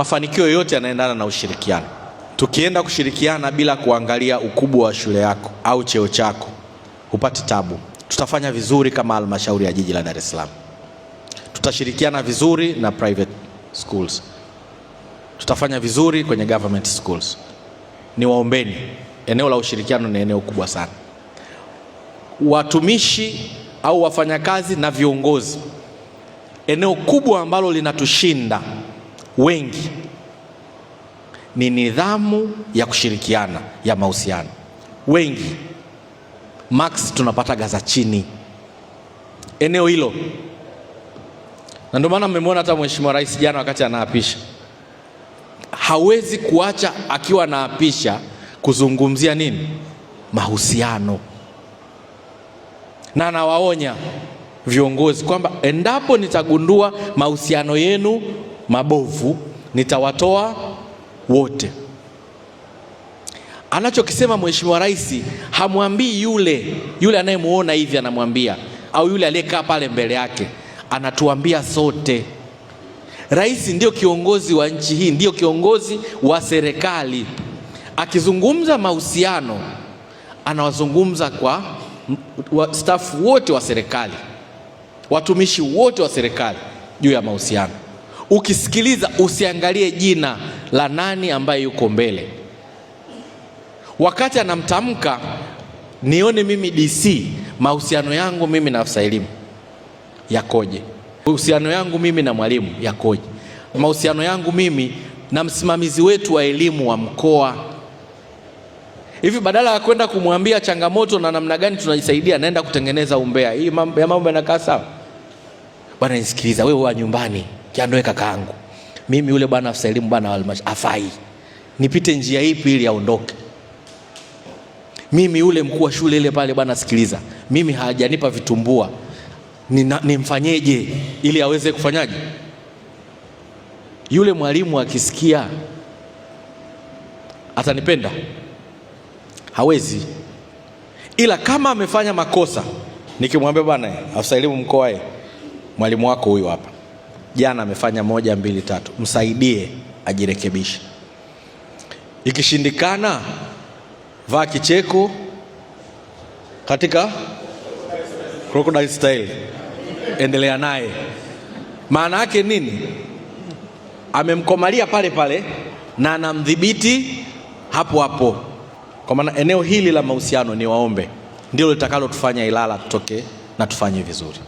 Mafanikio yote yanaendana na ushirikiano. Tukienda kushirikiana bila kuangalia ukubwa wa shule yako au cheo chako, hupati tabu. Tutafanya vizuri kama halmashauri ya jiji la Dar es Salaam, tutashirikiana vizuri na private schools, tutafanya vizuri kwenye government schools. Ni waombeni, eneo la ushirikiano ni eneo kubwa sana. Watumishi au wafanyakazi na viongozi, eneo kubwa ambalo linatushinda wengi ni nidhamu ya kushirikiana ya mahusiano. Wengi max tunapata gaza chini eneo hilo, na ndio maana mmemwona hata Mheshimiwa Rais jana wakati anaapisha, hawezi kuacha akiwa anaapisha kuzungumzia nini mahusiano, na anawaonya viongozi kwamba endapo nitagundua mahusiano yenu mabovu nitawatoa wote. Anachokisema Mheshimiwa Rais hamwambii yule yule anayemwona hivi, anamwambia au yule aliyekaa pale mbele yake, anatuambia sote. Rais ndiyo kiongozi wa nchi hii, ndiyo kiongozi wa serikali. Akizungumza mahusiano, anawazungumza kwa stafu wote wa serikali, watumishi wote wa serikali juu ya mahusiano ukisikiliza usiangalie jina la nani ambaye yuko mbele. Wakati anamtamka nione mimi DC, mahusiano yangu mimi na afisa elimu yakoje? Mahusiano yangu mimi na mwalimu yakoje? Mahusiano yangu mimi na msimamizi wetu wa elimu wa mkoa hivi badala ya kwenda kumwambia changamoto na namna gani tunajisaidia, naenda kutengeneza umbea. Hii mambo yanakaa sawa? Bwana nisikiliza, wewe wa nyumbani kiandoe kakaangu mimi yule bwana afisa elimu bwana halmashauri afai, nipite njia ipi ili aondoke? Mimi yule mkuu wa shule ile pale bwana, sikiliza, mimi hajanipa vitumbua, nimfanyeje ili aweze kufanyaje? Yule mwalimu akisikia atanipenda? Hawezi, ila kama amefanya makosa, nikimwambia bwana afisa elimu mkoae eh, mwalimu wako huyu hapa jana amefanya moja, mbili, tatu, msaidie ajirekebishe. Ikishindikana, vaa kicheko katika crocodile style, endelea naye. Maana yake nini? Amemkomalia pale pale na anamdhibiti hapo hapo. Kwa maana eneo hili la mahusiano, ni waombe ndilo litakalotufanya Ilala tutoke na tufanye vizuri.